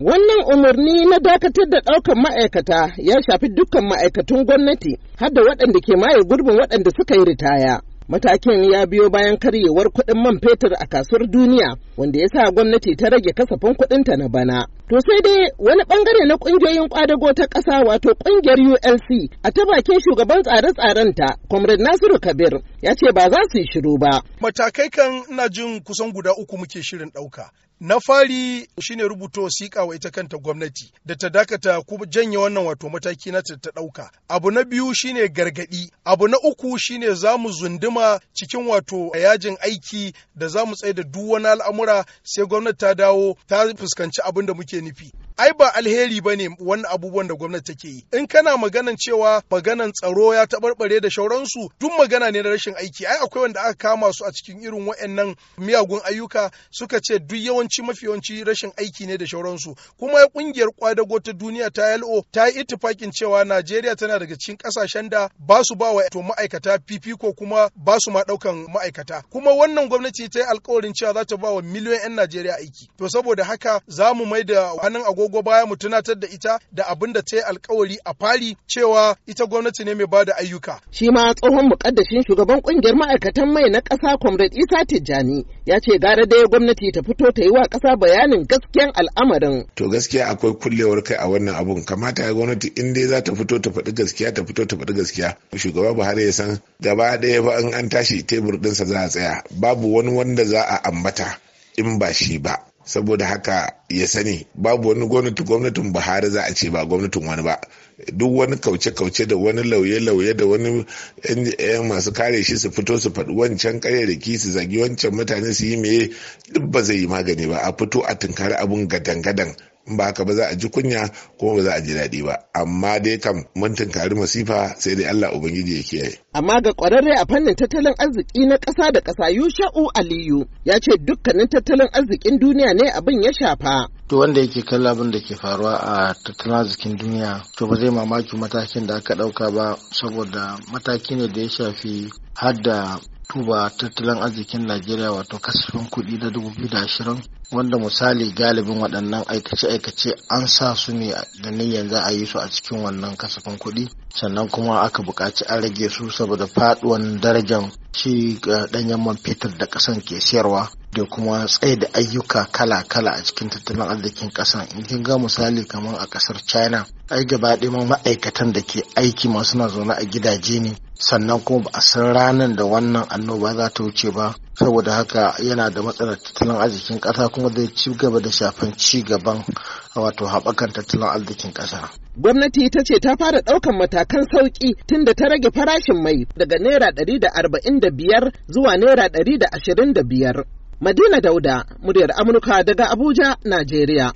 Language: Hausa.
Wannan umarni na dakatar da ɗaukar ma'aikata ya shafi dukkan ma'aikatun gwamnati har da waɗanda ke maye gurbin waɗanda suka yi ritaya. Matakin ya biyo bayan karyewar kuɗin man fetur a kasuwar duniya wanda ya sa gwamnati ta rage kasafin kuɗinta na bana. To sai dai wani bangare na kungiyoyin kwadago ta ƙasa wato kungiyar ULC a ta bakin shugaban tsare-tsaren ta Comrade Nasiru Kabir ya ce ba za su yi shiru ba. Matakai kan ina jin kusan guda uku muke shirin ɗauka. Na fari shine rubuta wasiƙa wa ita kanta gwamnati da ta dakata ku janye wannan wato mataki na ta ɗauka. Abu na biyu shine gargaɗi. Abu na uku shine za mu zunduma cikin wato a yajin aiki da za mu tsaye da duk wani al'amura sai gwamnati ta dawo ta fuskanci abin da muke ake nufi ai ba alheri ba ne wannan abubuwan da gwamnati take yi in kana maganan cewa maganan tsaro ya taɓarɓare da shauransu duk magana ne na rashin aiki ai akwai wanda aka kama su a cikin irin waɗannan miyagun ayyuka suka ce duk yawanci mafi yawanci rashin aiki ne da shauransu kuma ƙungiyar kwadago ta duniya ta yalo ta yi ittifakin cewa Najeriya tana daga cikin kasashen da ba su ba wa to ma'aikata fifiko kuma ba su ma ɗaukan ma'aikata kuma wannan gwamnati ta yi alkawarin cewa za ta ba wa miliyoyin 'yan Najeriya aiki to saboda haka za mu mai da hannun agogo agogo baya mu tunatar da ita da abin da ta yi alkawari a fari cewa ita gwamnati ne mai bada ayyuka. Shi ma tsohon mukaddashin shugaban kungiyar ma'aikatan mai na ƙasa Comrade Isa Tijjani ya ce gara da gwamnati ta fito ta yi wa ƙasa bayanin gaskiyan al'amarin. To gaskiya akwai kullewar kai a wannan abun kamata ya gwamnati in dai za ta fito ta faɗi gaskiya ta fito ta faɗi gaskiya. Shugaba Buhari ya san gaba ɗaya ba in an tashi tebur ɗinsa za a tsaya babu wani wanda za a ambata in ba shi ba. saboda haka ya sani babu wani gwamnati gwamnatin buhari za a ce ba gwamnatin wani ba duk wani kauce-kauce da wani lauye-lauye da wani masu kare shi su fito su faɗi wancan ƙayyarki su zagi wancan mutane su yi meye duk ba zai yi magani ba a fito a tunkari abun gadan-gadan ba ka ba za a ji kunya kuma ba za a ji daɗi ba amma dai kam mun tunkari masifa sai dai Allah ubangiji ya kiyaye amma ga kwararre a fannin tattalin arziki na ƙasa da ƙasa Yusha'u Aliyu ya ce dukkanin tattalin arzikin duniya ne abin ya shafa to wanda yake kalla abin da ke faruwa a tattalin arzikin duniya to ba zai mamaki matakin da aka ɗauka ba saboda mataki ne da ya shafi hadda. tuba tattalin arzikin Najeriya wato kasafin kuɗi na 2020 wanda misali galibin waɗannan aikace-aikace an sa su ne da niyyar za a yi su a cikin wannan kasafin kuɗi sannan kuma aka buƙaci an rage su saboda faɗuwan darajar shi eh, ɗanyen man fetur da ƙasan ke siyarwa da kuma tsaye da ayyuka kala-kala a cikin tattalin arzikin ƙasan in kin ga misali kamar a ƙasar china ai gaba ɗaya ma'aikatan da ke aiki masu na zaune a gidaje ne sannan kuma ba a san ranar da wannan annoba za ta wuce ba saboda haka yana da matsalar tattalin arzikin ƙasa kuma zai ci gaba da shafan ci gaban wato haɓakan tattalin arzikin ƙasa. Gwamnati ta ce ta fara ɗaukan matakan sauƙi tun da ta rage farashin mai daga Naira ɗari da arba'in da biyar zuwa Naira ɗari da ashirin da biyar. Madina Dauda, muryar Amurka daga Abuja, Najeriya.